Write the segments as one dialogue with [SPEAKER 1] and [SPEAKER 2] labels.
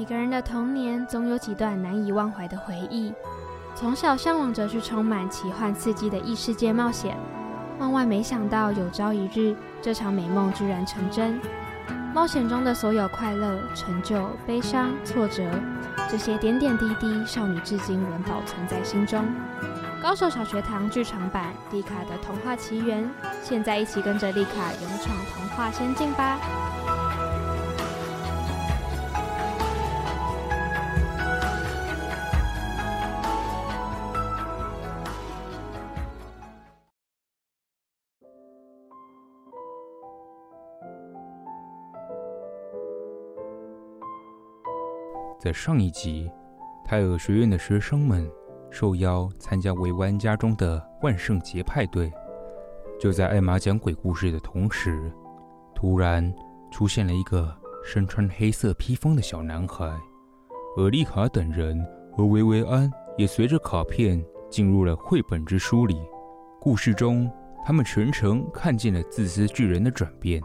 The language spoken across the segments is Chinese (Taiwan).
[SPEAKER 1] 每個人的童年總有幾段難以忘懷的回憶，從小向往着去充滿奇幻刺激的異世界冒險，萬萬沒想到有朝一日這場美夢居然成真。冒險中的所有快樂、成就、悲傷、挫折，這些點點滴滴，少女至今仍保存在心中。《高手小學堂》劇場版《麗卡的童話奇緣》，現在一起跟着麗卡勇闖童話仙境吧。
[SPEAKER 2] 上一集，泰爾學院的學生們受邀參加維維安家中的萬聖節派對。就在艾瑪講鬼故事的同時，突然出現了一個身穿黑色披風的小男孩。而麗卡等人和維維安也隨着卡片進入了繪本之書裡。故事中，他們全程看見了自私巨人的轉變，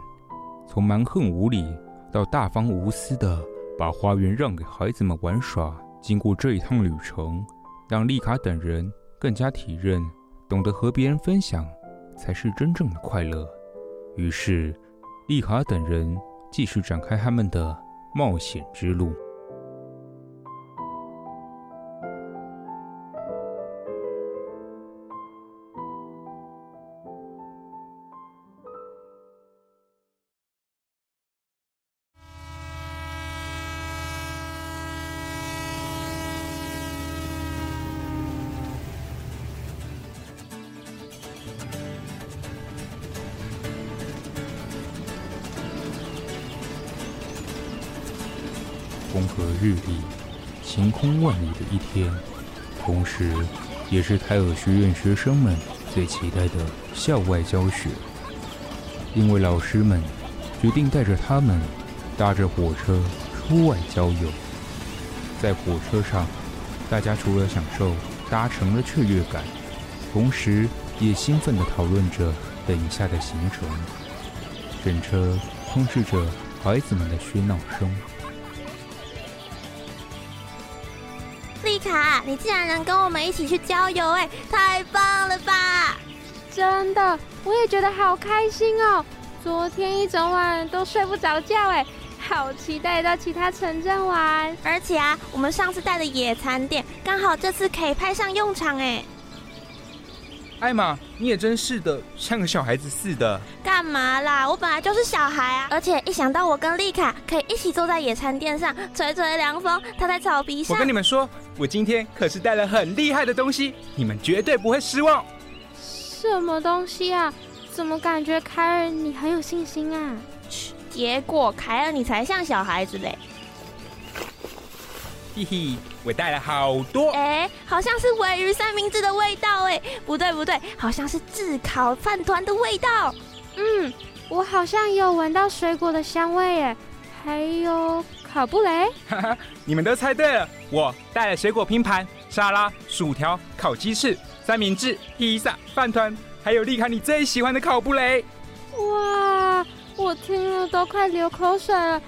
[SPEAKER 2] 從蠻橫無理到大方無私的。把花園讓給孩子們玩耍，經過這一趟旅程，讓麗卡等人更加體認，懂得和別人分享，才是真正的快樂。於是，麗卡等人繼續展開他們的冒險之路。和日麗、晴空萬里的一天，同時，也是泰爾學院學生們最期待的校外教學。因為老師們決定帶着他們，搭着火車出外郊遊。在火車上，大家除了享受搭乘的雀躍感，同時也興奮地討論着等一下的行程。整車充斥着孩子們的喧鬧聲。
[SPEAKER 1] 卡，你竟然能跟我們一起去郊遊哎，太棒了吧！真的，我也覺得好開心哦。昨天一整晚都睡不着覺哎，好期待到其他城鎮玩。而且啊，我們上次帶的野餐墊，剛好這次可以派上用場哎。
[SPEAKER 2] 艾瑪，你也真是的，像個小孩子似的。
[SPEAKER 1] 幹嘛啦？我本來就是小孩啊！而且一想到我跟麗卡可以一起坐在野餐墊上，吹吹涼風，躺在草皮上，我跟你
[SPEAKER 2] 們說，我今天可是帶了很厲害的東西，你們絕對不會失
[SPEAKER 1] 望。什麼東西啊？怎麼感覺凱爾你很有信心啊？結果凱爾你才像小孩子嘞！
[SPEAKER 2] 嘻嘻，我帶了好
[SPEAKER 1] 多。哎，好像是鮪魚三明治的味道，哎，不對不對，好像是炙烤飯糰的味道。嗯，我好像有聞到水果的香味，哎，還有烤布雷。
[SPEAKER 2] 你們都猜對了，我帶了水果拼盤、沙拉、薯條、烤雞翅、三明治、披薩、飯糰，還有麗卡你最喜歡的烤布雷。
[SPEAKER 1] 哇，我聽了都快流口水了。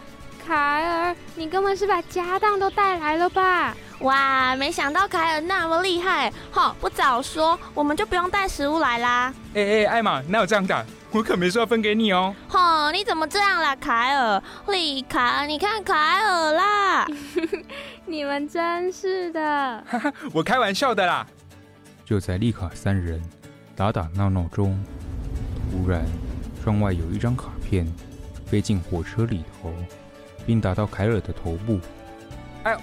[SPEAKER 1] 凱爾，你根本是把家當都帶來了吧？哇，沒想到凱爾那麼厲害，好，不早說，我們就不用帶食物來啦。
[SPEAKER 2] 哎哎、欸欸，艾瑪哪有這樣打、啊、我可沒說要分給你哦、喔。
[SPEAKER 1] 好，你怎麼這樣啦，凱爾？麗卡，你看凱爾啦， 你們真是的。哈哈，
[SPEAKER 2] 我開玩笑的啦。就在麗卡三人打打鬧鬧中，突然窗外有一張卡片飛進火車裡頭。並打到凱爾的頭部。哎呦，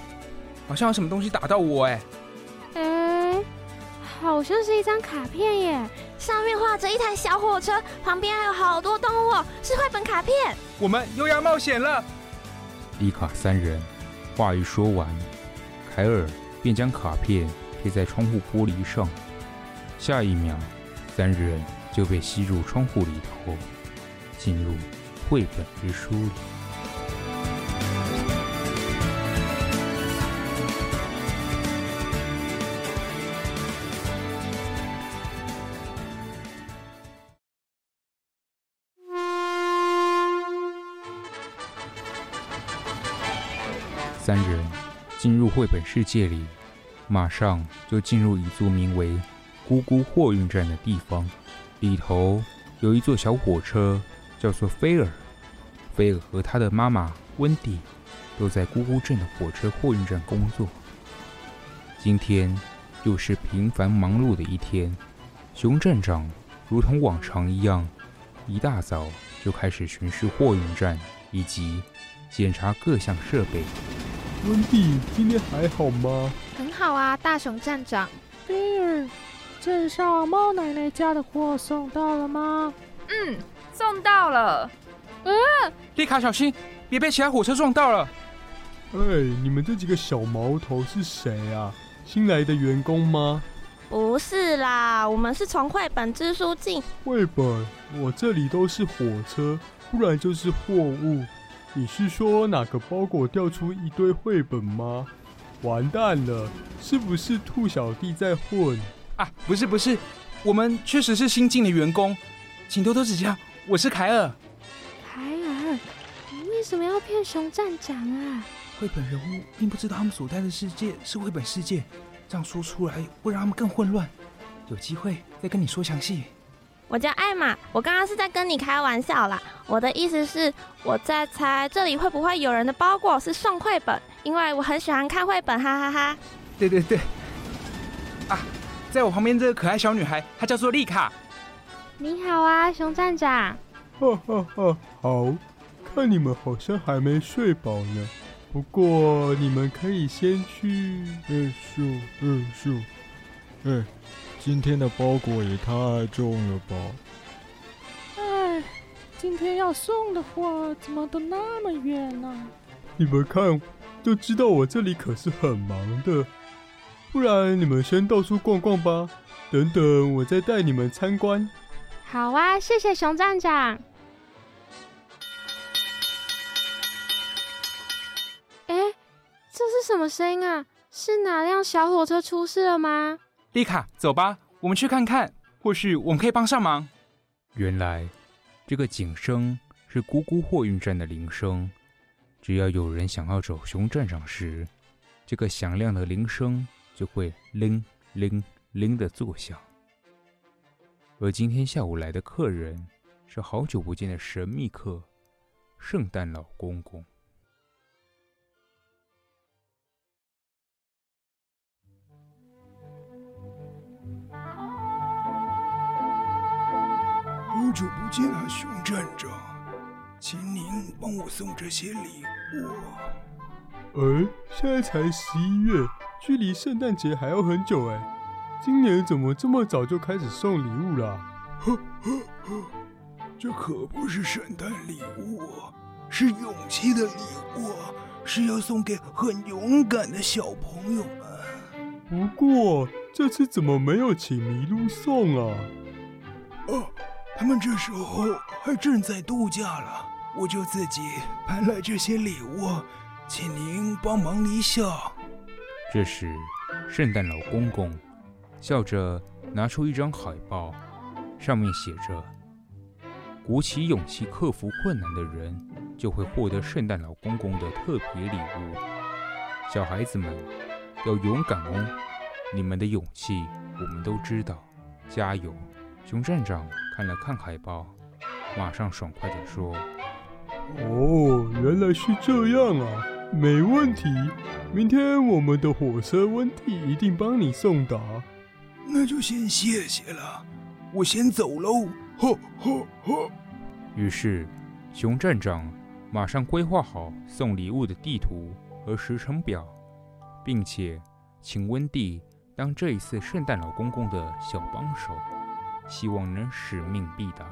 [SPEAKER 2] 好像有什麼東西打到我哎、
[SPEAKER 1] 欸！哎、嗯，好像是一張卡片耶，上面畫着一台小火車，旁邊還有好多動物，是繪本卡片。
[SPEAKER 3] 我們又要冒險了。
[SPEAKER 2] 麗卡三人話一說完，凱爾便將卡片貼在窗戶玻璃上，下一秒，三人就被吸入窗戶裡頭，進入繪本之書裡。繪本世界裡，馬上就進入一座名為“咕咕貨運站”的地方，裡頭有一座小火車，叫做菲爾。菲爾和他的媽媽溫蒂都在咕咕鎮的火車貨運站工作。今天又是平凡忙碌的一天，熊站長如同往常一樣，一大早就開始巡視貨運站以及檢查各項設備。
[SPEAKER 4] 溫蒂，今天還好嗎？
[SPEAKER 1] 很好啊，大熊站長。菲爾、嗯，鎮上貓奶奶家的貨送到了嗎？嗯，送到了。嗯，麗卡，小心，
[SPEAKER 4] 別被其他火車撞到了。哎、欸，你們這幾個小毛頭是誰啊？新來的員工嗎？
[SPEAKER 1] 不是啦，我們是從繪本之書進。
[SPEAKER 4] 繪本？我這裡都是火車，不然就是貨物。你是說哪個包裹掉出一堆繪本嗎？完蛋了！是不是兔小弟在混啊？不是不是，
[SPEAKER 3] 我們確實是新進的員工，請多多指教。我是凱爾。
[SPEAKER 1] 凱爾，你為什麼要騙熊站長啊？
[SPEAKER 3] 繪本人物並不知道他們所在的世界是繪本世界，這樣說出來會讓他們更混亂。有機會再跟你說詳細。
[SPEAKER 1] 我叫艾瑪，我剛剛是在跟你開玩笑啦。我的意思是，我在猜這裡會不會有人的包裹是送繪本，因為我很喜歡看繪本，哈哈哈，哈。
[SPEAKER 2] 對對對，啊，在我旁邊這個可愛小女孩，她叫做麗卡。
[SPEAKER 1] 你好啊，熊站長。哈哈哈，
[SPEAKER 4] 好看！你們好像還沒睡飽呢，不過你們可以先去嗯，休嗯嗯。今天的包裹也太重了吧！
[SPEAKER 1] 哎，今天要送的貨怎麼都那麼遠呢？啊？
[SPEAKER 4] 你們看就知道，我這裡可是很忙的。不然你們先到處逛逛吧。等等，我再帶你們參觀。
[SPEAKER 1] 好啊，謝謝熊站長。哎、欸，這是什麼聲音啊？是哪輛小火車出事了嗎？
[SPEAKER 2] 麗卡，走吧，我們去看看，或許我們可以幫上忙。原來，這個警聲是姑姑貨運站的鈴聲，只要有人想要找熊站長時，這個響亮的鈴聲就會鈴鈴鈴地作響。而今天下午來的客人是好久不見的神秘客——聖誕老公公。
[SPEAKER 3] 好久不見啊，熊站長，請您幫我送這些禮物、啊。
[SPEAKER 4] 誒、欸，現在才十一月，距離聖誕節還要很久誒、欸，今年怎麼這麼早就開始送禮物了？呵呵呵，這可不是聖誕禮
[SPEAKER 3] 物、啊，是勇氣的禮物、啊，是要送給很勇敢的
[SPEAKER 4] 小朋友們。不過這次怎麼沒有請麋鹿送啊？啊！他們這時候還正在度假了，
[SPEAKER 3] 我就自己搬來這些禮物，請您幫忙一下。
[SPEAKER 2] 這時，聖誕老公公笑着拿出一張海報，上面寫着：“鼓起勇氣克服困難的人，就會獲得聖誕老公公的特別禮物。小孩子們要勇敢哦！你們的勇氣我們都知道，加油！”熊站長看了看海報，馬上爽快地說：“
[SPEAKER 4] 哦，原來是這樣啊，沒問題。明天我們的火車溫蒂一定幫你送達。那就先謝謝了，我先走嘍。”吼吼吼！
[SPEAKER 2] 於是，熊站長馬上規劃好送禮物的地圖和時程表，並且請溫蒂當這一次聖誕老公公的小幫手。
[SPEAKER 4] 希望能使命必達。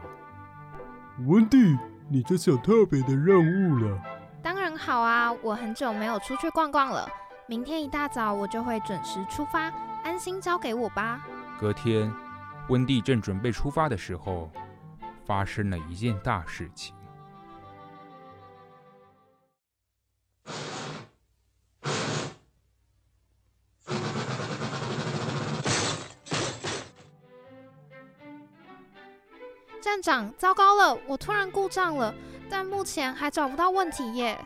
[SPEAKER 4] 溫蒂，你這次有特別的任務了。
[SPEAKER 1] 當然好啊，我很久沒有出去逛逛了。明天一大早我就會準時出發，安心交給我吧。
[SPEAKER 4] 隔天，
[SPEAKER 2] 溫蒂正準備出發的時候，發生了一件大事情。
[SPEAKER 1] 糟糟糕了，我突然故障了，但目前還找不到問題耶。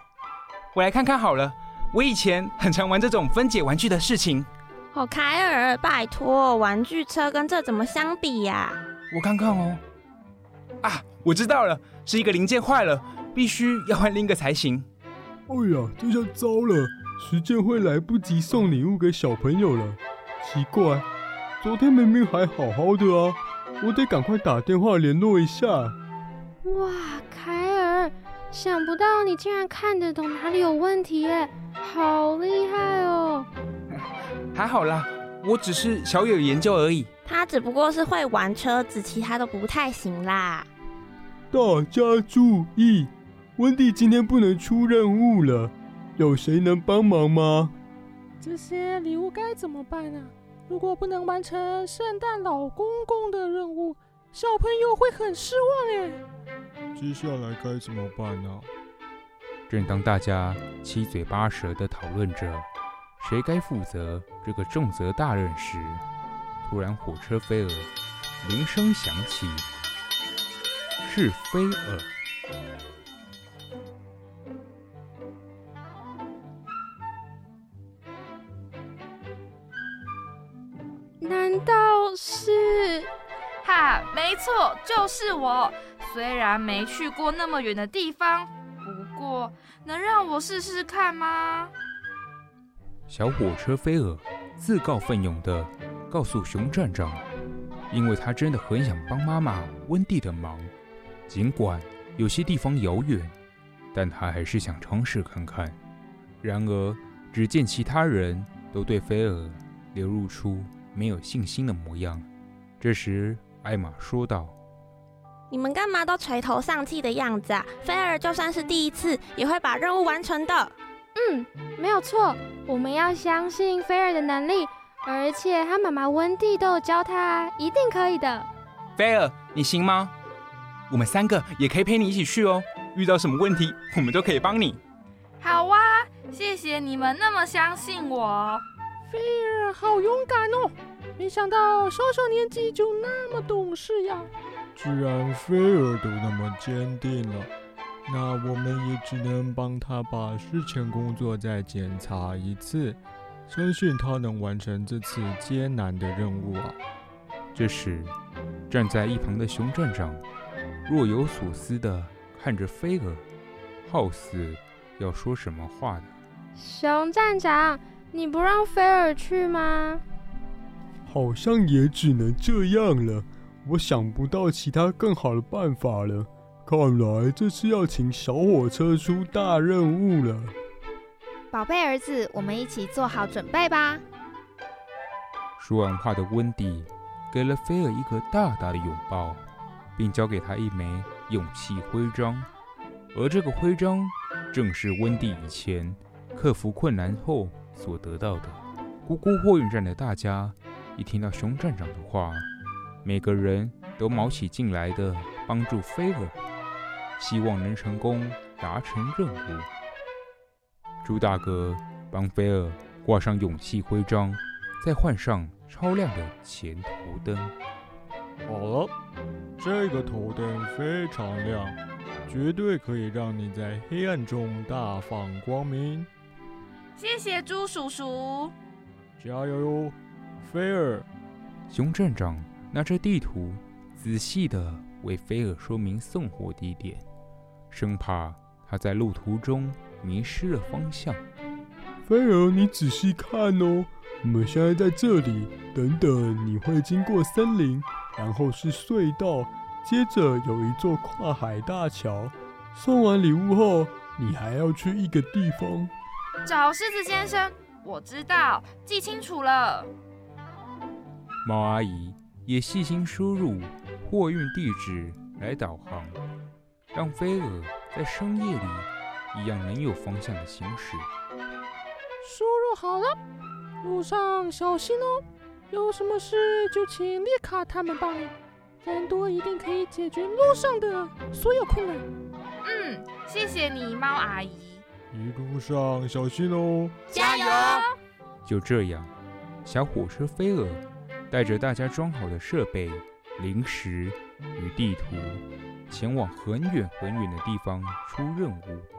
[SPEAKER 2] 我來看看好了，我以前很常玩這種分解玩具的事情。
[SPEAKER 1] 好、哦，凱爾，拜託，玩具車跟這怎麼相比呀、啊？
[SPEAKER 2] 我
[SPEAKER 4] 看看哦。啊，
[SPEAKER 2] 我知道了，是一個零件壞了，必須要換另一個才行。
[SPEAKER 4] 哎、哦、呀，這下糟了，時間會來不及送禮物給小朋友了。奇怪，昨天明明還好好的啊。我得趕快打電話聯絡一下。
[SPEAKER 1] 哇，凱爾，想不到你竟然看得懂哪裡有問題耶，好厲害哦！
[SPEAKER 2] 還好啦，我只是小有研究而已。
[SPEAKER 1] 他只不過是會玩車子，其他都不太行啦。
[SPEAKER 4] 大家注意，溫蒂今天不能出任務了，有誰能幫忙嗎？
[SPEAKER 1] 這些禮物該怎麼辦呢、啊？如果不能完成聖誕老公公的任務，小朋友會很失望耶。
[SPEAKER 4] 接下來該怎麼辦呢、啊？
[SPEAKER 2] 正當大家七嘴八舌地討論着誰該負責這個重責大任時，突然火車菲爾鈴聲響起，是菲爾。
[SPEAKER 1] 沒錯，就是我。雖然沒去過那麼遠的地方，不過能讓我試試看嗎？
[SPEAKER 2] 小火車菲爾自告奮勇地告訴熊站長，因為他真的很想幫媽媽溫蒂的忙。儘管有些地方遙遠，但他還是想嘗試看看。然而，只見其他人都對菲爾流露出沒有信心的模樣。這時，艾瑪說道：“
[SPEAKER 1] 你們幹嘛都垂頭喪氣的樣子啊？菲爾就算是第一次，也會把任務完成的。嗯，沒有錯，我們要相信菲爾的能力，而且他媽媽溫蒂都有教他，一定可以的。
[SPEAKER 2] 菲爾，你行嗎？我們三個也可以陪你一起去哦。遇到什麼問題，我們都可以幫你。
[SPEAKER 1] 好哇、啊，謝謝你們那麼相信我。菲爾，好勇敢哦！”沒想到小小年紀就那麼懂事呀！
[SPEAKER 4] 既然菲爾都那麼堅定了，那我們也只能幫他把事前工作再檢查一次。相信他能完成這次艱難的任務啊！這時，
[SPEAKER 2] 站在一旁的熊站長若有所思地看着菲爾，好似要說什麼話呢。
[SPEAKER 1] 熊站長，你不讓菲爾去嗎？
[SPEAKER 4] 好像也只能這樣了，我想不到其他更好的辦法了。看來這次要請小火車出大任務了。
[SPEAKER 1] 寶貝兒子，我們一起做好準備吧。
[SPEAKER 2] 說完話的溫蒂給了菲爾一個大大的擁抱，並交給他一枚勇氣徽章。而這個徽章正是溫蒂以前克服困難後所得到的。姑姑貨運站的大家。一聽到熊站長的話，每個人都卯起勁來地幫助菲爾，希望能成功達成任務。朱大哥幫菲爾掛上勇氣徽章，再換上超亮的前頭燈。
[SPEAKER 4] 好了，這個頭燈非常亮，絕對可以讓你在黑暗中大放光明。
[SPEAKER 1] 謝謝朱叔叔，
[SPEAKER 4] 加油喲！菲爾，熊站長拿着地
[SPEAKER 2] 圖，仔細地為菲爾說明送貨地點，生怕他在路途中迷失了方向。
[SPEAKER 4] 菲爾，你仔細看哦，我們現在在這裡。等等，你會經過森林，然後是隧道，接着有一座跨海大橋。送完禮物後，你還要去一個地方，
[SPEAKER 1] 找獅子先生。我知道，記清楚了。
[SPEAKER 2] 貓阿姨也細心輸入貨運地址來導航，讓菲爾在深夜裡一樣能有方向的行駛。
[SPEAKER 1] 輸入好了，路上小心哦！有什麼事就請麗卡他們幫你，人多一定可以解決路上的所有困難。嗯，謝謝你，貓阿姨。
[SPEAKER 4] 一路上小心哦！
[SPEAKER 1] 加油！
[SPEAKER 2] 就這樣，小火車菲爾。帶着大家裝好的設備、零食與地圖，前往很遠很遠的地方出任務。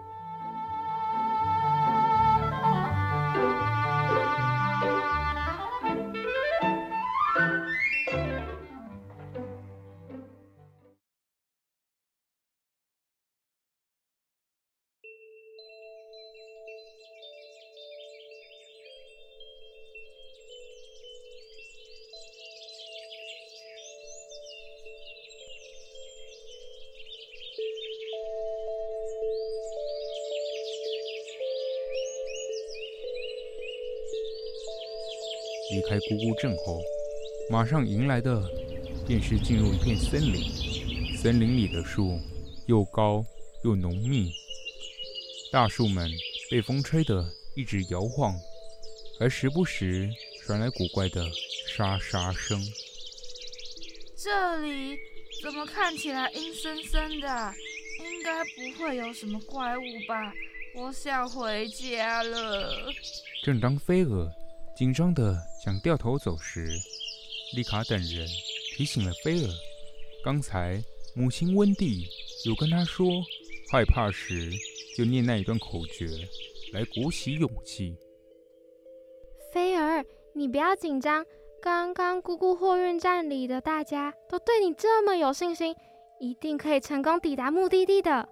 [SPEAKER 2] 開咕咕鎮後，馬上迎來的便是進入一片森林。森林裡的樹又高又濃密，大樹們被風吹得一直搖晃，而時不時傳來古怪的沙沙聲。
[SPEAKER 1] 這裡怎麼看起來陰森森的？應該不會有什麼怪物吧？我想回家了。
[SPEAKER 2] 正當飛蛾緊張地想掉頭走時，麗卡等人提醒了菲爾，剛才母親溫蒂有跟他說，害怕時就念那一段口訣，來鼓起勇氣。
[SPEAKER 1] 菲爾，你不要緊張。剛剛姑姑貨運站裡的大家都對你這麼有信心，一定可以成功抵達目的地的。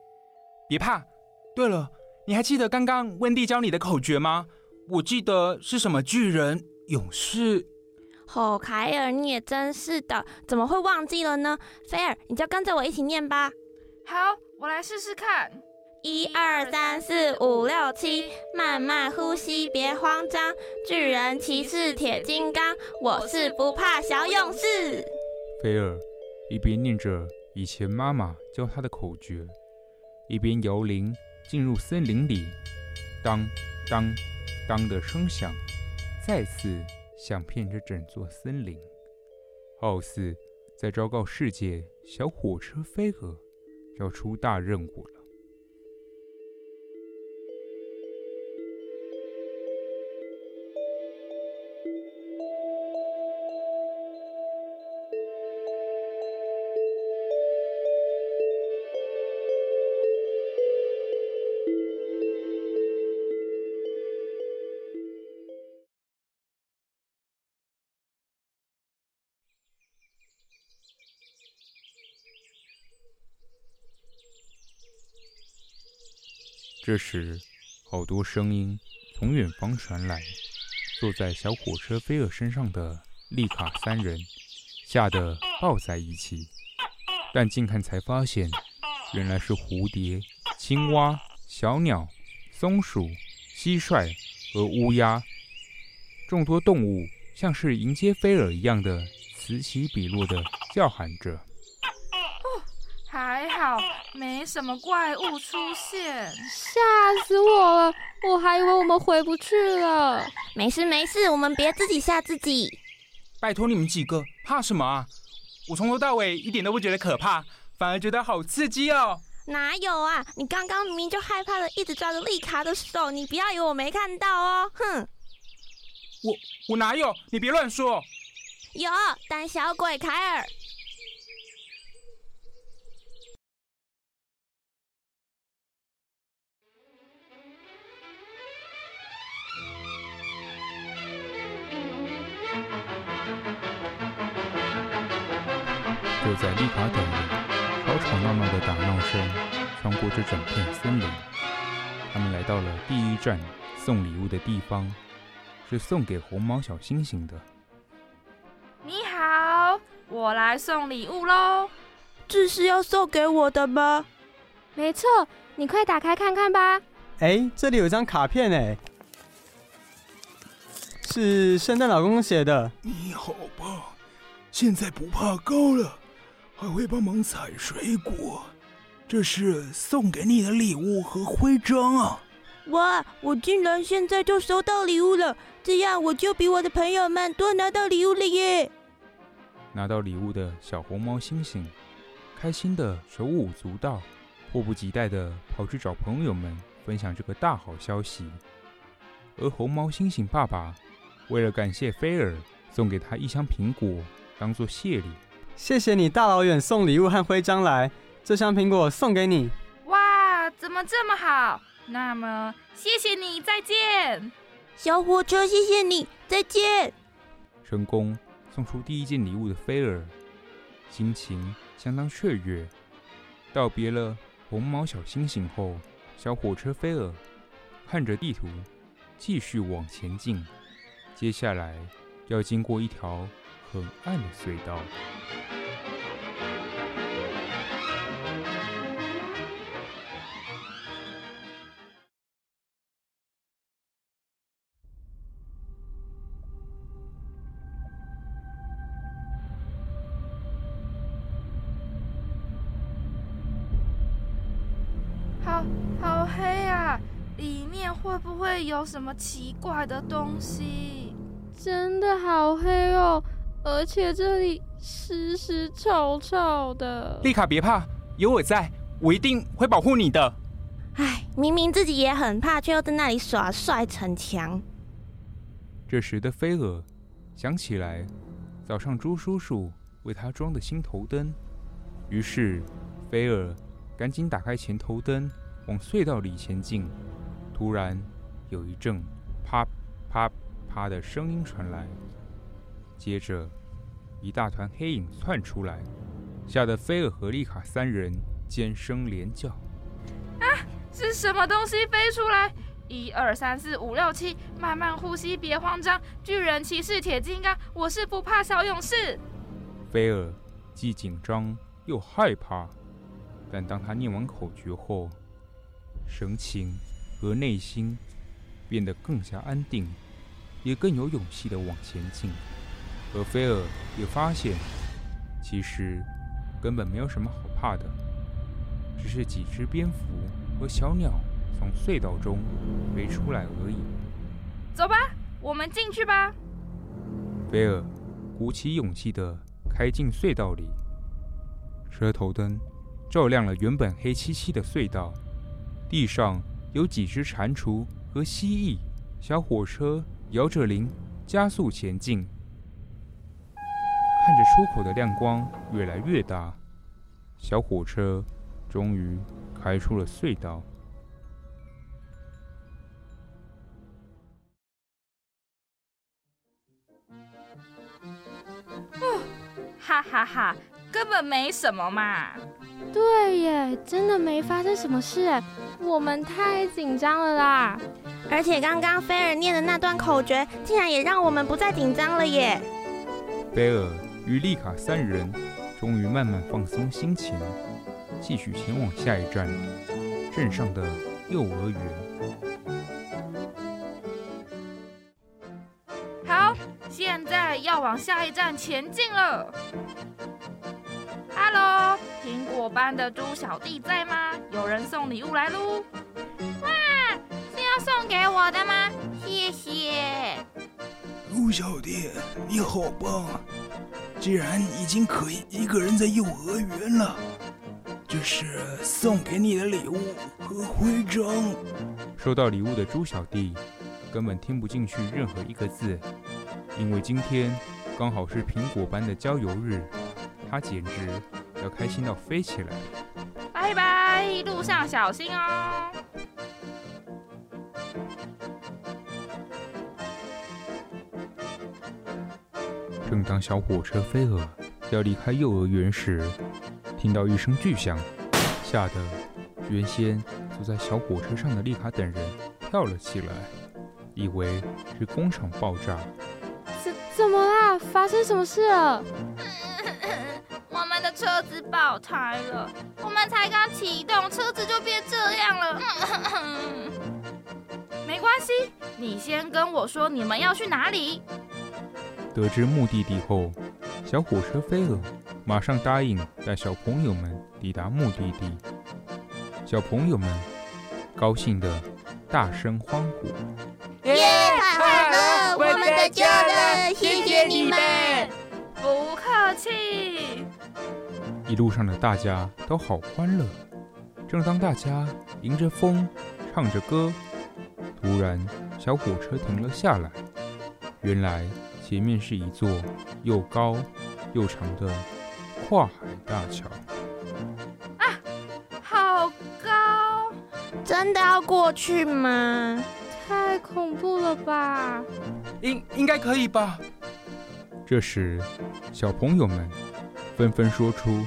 [SPEAKER 2] 別怕。對了，你還記得剛剛溫蒂教你的口訣嗎？我記得是什麼巨人勇士。
[SPEAKER 1] 好、哦，凱爾，你也真是的，怎麼會忘記了呢？菲爾，你就跟着我一起念吧。好，我來試試看。一二三四五六七，慢慢呼吸，別慌張。巨人騎士鐵金剛，我是不怕小勇士。
[SPEAKER 2] 菲爾一邊念着以前媽媽教他的口訣，一邊搖鈴進入森林裡。噹噹噹的聲響，再次響遍着整座森林，好似在昭告世界：小火車菲爾要出大任務了。這時，好多聲音從遠方傳來。坐在小火車菲爾身上的麗卡三人嚇得抱在一起，但近看才發現，原來是蝴蝶、青蛙、小鳥、松鼠、蟋蟀和烏鴉，眾多動物像是迎接菲爾一樣的此起彼落的叫
[SPEAKER 1] 喊着。好，沒什麼怪物出現，嚇死我了！我還以為我們回不去了。沒事沒事，我們別自己嚇自己。
[SPEAKER 2] 拜託你們幾個，怕什麼啊？我從頭到尾一點都不覺得可怕，反而覺得好刺激哦。
[SPEAKER 1] 哪有啊？你剛剛明明就害怕的，一直抓着麗卡的手，你不要以為我沒看到哦！哼。
[SPEAKER 2] 我我哪有？你別亂說。
[SPEAKER 1] 有膽小鬼凱爾。
[SPEAKER 2] 就在麗卡等人吵吵鬧鬧的打鬧聲穿過這整片森林，他們來到了第一站送禮物的地方，是送給紅毛小星星的。
[SPEAKER 1] 你好，我來送禮物嘍。這是要送給我的嗎？沒錯，你快打開看看吧。
[SPEAKER 4] 哎，這裡有張卡片哎，是聖誕老公公寫的。你好
[SPEAKER 3] 棒，現在不怕高了，還會幫忙採水果，這是送給你的禮物
[SPEAKER 1] 和徽章啊！哇，我竟然現在就收到禮物了，這樣我就比我的朋友們多拿到禮物了耶！
[SPEAKER 2] 拿到禮物的小紅毛猩猩，開心的手舞足蹈，迫不及待的跑去找朋友們分享這個大好消息。而紅毛猩猩爸爸為了感謝菲爾，送給他一箱蘋果當做謝禮。謝謝
[SPEAKER 4] 你大老遠送禮物和徽章來，這箱蘋果送給你。
[SPEAKER 1] 哇，怎麼這麼好？那麼謝謝你，再見，小火車，謝謝你，再見。
[SPEAKER 2] 成功送出第一件禮物的菲爾，心情相當雀躍。道別了紅毛小猩猩後，小火車菲爾看着地圖，繼續往前進。接下來要經過一條。很暗的隧道，
[SPEAKER 1] 好，好黑啊！裡面會不會有什麼奇怪的東西？真的好黑哦。而且這裡濕濕臭臭的，
[SPEAKER 2] 麗卡別怕，有我在，我一定會保護你的。
[SPEAKER 1] 唉，明明自己也很怕，卻要在那裡耍帥逞強。
[SPEAKER 2] 這時的菲爾想起來早上朱叔叔為他裝的新頭燈，於是菲爾趕緊打開前頭燈往隧道裡前進。突然有一陣啪啪啪啪的聲音傳來。接着，一大團黑影竄出來，嚇得菲爾和麗卡三人尖聲連叫：“
[SPEAKER 1] 啊！是什麼東西飛出來？”“一二三四五六七，慢慢呼吸，別慌張。巨人騎士鐵金剛，我是不怕小勇士。”
[SPEAKER 2] 菲爾既緊張又害怕，但當他念完口訣後，神情和內心變得更加安定，也更有勇氣的往前進。而菲爾也發現，其實根本沒有什麼好怕的，只是幾隻蝙蝠和小鳥從隧道中飛出來而已。
[SPEAKER 1] 走吧，我們進去吧。
[SPEAKER 2] 菲爾鼓起勇氣地開進隧道裡，車頭燈照亮了原本黑漆漆的隧道。地上有幾隻蟾蜍和蜥蜴。小火車搖着鈴，加速前進。看着出口的亮光越來越大，小火車終於開出了隧道。
[SPEAKER 1] 哦，哈哈哈哈，根本沒什麼嘛！對耶，真的沒發生什麼事，我們太緊張了啦！而且剛剛菲爾念的那段口訣，竟然也讓我們不再緊張了耶。
[SPEAKER 2] 菲爾。與麗卡三人終於慢慢放鬆心情，繼續前往下一站——鎮上的幼兒園。
[SPEAKER 1] 好，現在要往下一站前進了。哈嘍，蘋果班的豬小弟在嗎？有人送禮物來嘍！哇，是要送給我的嗎？謝謝。豬
[SPEAKER 3] 小弟，你好棒啊！既然已經可以一個人在幼兒園了，這是送給你的禮物和徽章。
[SPEAKER 2] 收到禮物的豬小弟根本聽不進去任何一個字，因為今天剛好是蘋果班的郊遊日，他簡直要開心到飛起來。
[SPEAKER 1] 拜拜，路上小心哦。
[SPEAKER 2] 當小火車菲爾要離開幼兒園時，聽到一聲巨響，嚇得原先坐在小火車上的麗卡等人跳了起來，以為是工廠爆炸。
[SPEAKER 1] 怎怎麼啦？發生什麼事了？ 我們的車子爆胎了，我們才剛啟動車子就變這樣了。 沒關係，你先跟我說你們要去哪裡。
[SPEAKER 2] 得知目的地後，小火車菲爾，馬上答應帶小朋友們抵達目的地。小朋友們高興地大聲歡呼：“
[SPEAKER 3] 耶！快樂，我
[SPEAKER 1] 們的家人，謝謝你們，不客氣。”
[SPEAKER 2] 一路上的大家都好歡樂。正當大家迎着風唱着歌，突然小火車停了下來。原來。前面是一座又高又長的跨海大橋。啊，
[SPEAKER 1] 好高！真的要過去嗎？太恐怖了吧！應應該可以吧？
[SPEAKER 2] 這時，小朋友們紛紛說出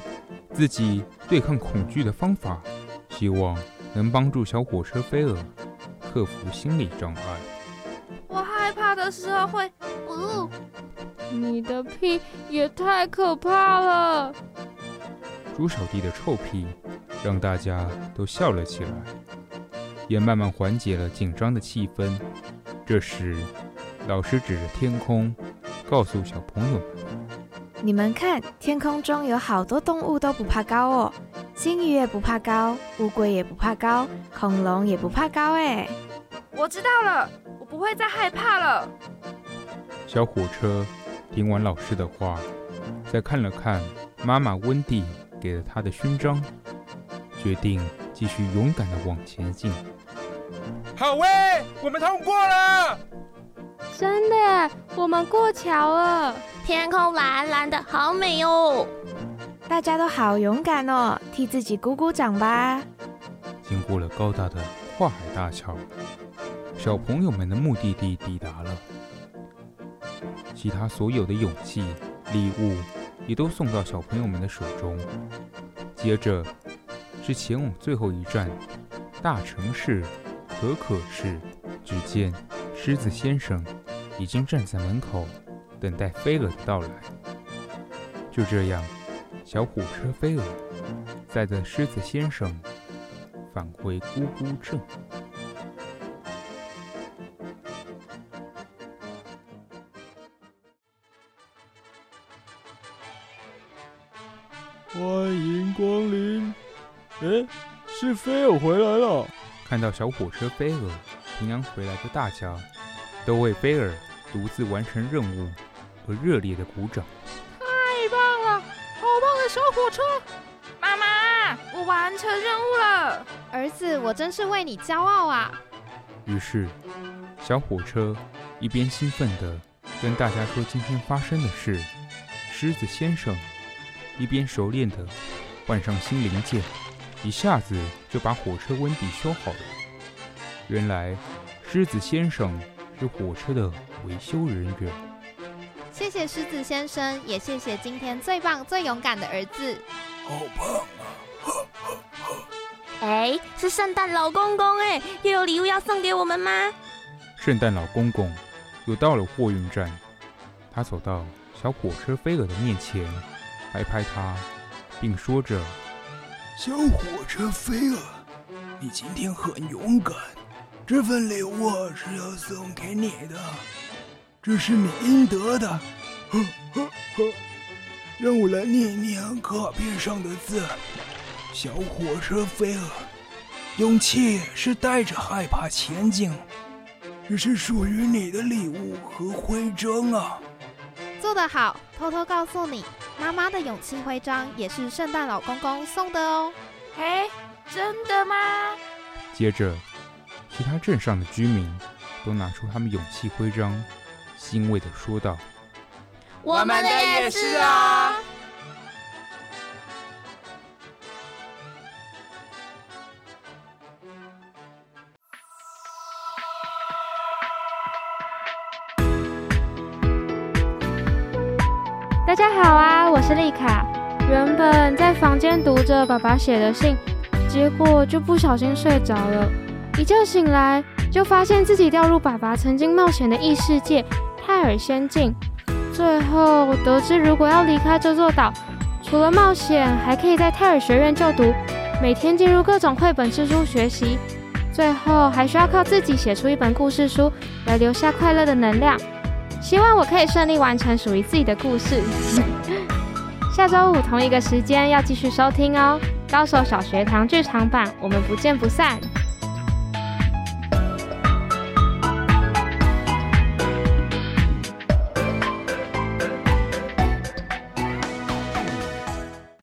[SPEAKER 2] 自己對抗恐懼的方法，希望能幫助小火車菲爾克服心理障礙。
[SPEAKER 1] 我害怕的時候會。哦，你的屁也太可怕了！
[SPEAKER 2] 豬小弟的臭屁讓大家都笑了起來，也慢慢緩解了緊張的氣氛。這時，老師指着天空，告訴小朋友們：“
[SPEAKER 1] 你們看，天空中有好多動物都不怕高哦，金魚也不怕高，烏龜也不怕高，恐龍也不怕高誒，我知道了，我不會再害怕了。”
[SPEAKER 2] 小火車聽完老師的話，再看了看媽媽溫蒂給了他的勳章，決定繼續勇敢的往前進。
[SPEAKER 1] 好，喂，我們通過了！真的，我們過橋了，天空藍藍的，好美哦！大家都好勇敢哦，替自己鼓鼓掌吧！
[SPEAKER 2] 經過了高大的跨海大橋，小朋友們的目的地抵達了。其他所有的勇氣禮物也都送到小朋友們的手中。接着是前往最後一站大城市可可市。只見獅子先生已經站在門口，等待菲爾的到來。就這樣，小火車菲爾載着獅子先生返回咕咕鎮。
[SPEAKER 4] 歡迎光臨！哎，是菲爾回來了。
[SPEAKER 2] 看到小火車菲爾平安回來的大家，都為菲爾獨自完成任務而熱烈的鼓掌。
[SPEAKER 1] 太棒了，好棒的小火車！媽媽，我完成任務了。兒子，我真是為你驕傲啊！
[SPEAKER 2] 於是，小火車一邊興奮地跟大家說今天發生的事，獅子先生，一邊熟練地換上新零件，一下子就把火車溫迪修好了。原來獅子先生是火車的維修人員。
[SPEAKER 1] 謝謝獅子先生，也謝謝今天最棒、最勇敢的兒子。好誒怕，哎、 欸，是聖誕老公公哎，又有禮物要送給我們嗎？
[SPEAKER 2] 聖誕老公公又到了貨運站，他走到小火車菲爾的面前，拍拍他，並說着：“
[SPEAKER 3] 小火車菲爾、啊，你今天很勇敢，這份禮物、啊、是要送給你的，這是你應得的。呵呵呵，讓我來念念卡片上的字：小火車菲爾、啊，勇氣是帶着害怕前進，這是屬於你的禮物和徽章啊！
[SPEAKER 1] 做得好，偷偷告訴你。”媽媽的勇氣徽章也是聖誕老公公送的哦。嘿，真的嗎？
[SPEAKER 2] 接着，其他鎮上的居民都拿出他們勇氣徽章，欣慰的說道：“
[SPEAKER 1] 我們的也是啊、哦。”大家好啊！是麗卡，原本在房間讀着爸爸寫的信，結果就不小心睡着了。一覺醒來，就發現自己掉入爸爸曾經冒險的異世界泰爾仙境。最後我得知，如果要離開這座島，除了冒險，還可以在泰爾學院就讀，每天進入各種繪本之書學習。最後還需要靠自己寫出一本故事書，來留下快樂的能量。希望我可以順利完成屬於自己的故事。 下週五同一個時間要繼續收聽哦，《高手小學堂劇場版》，我們不見不散。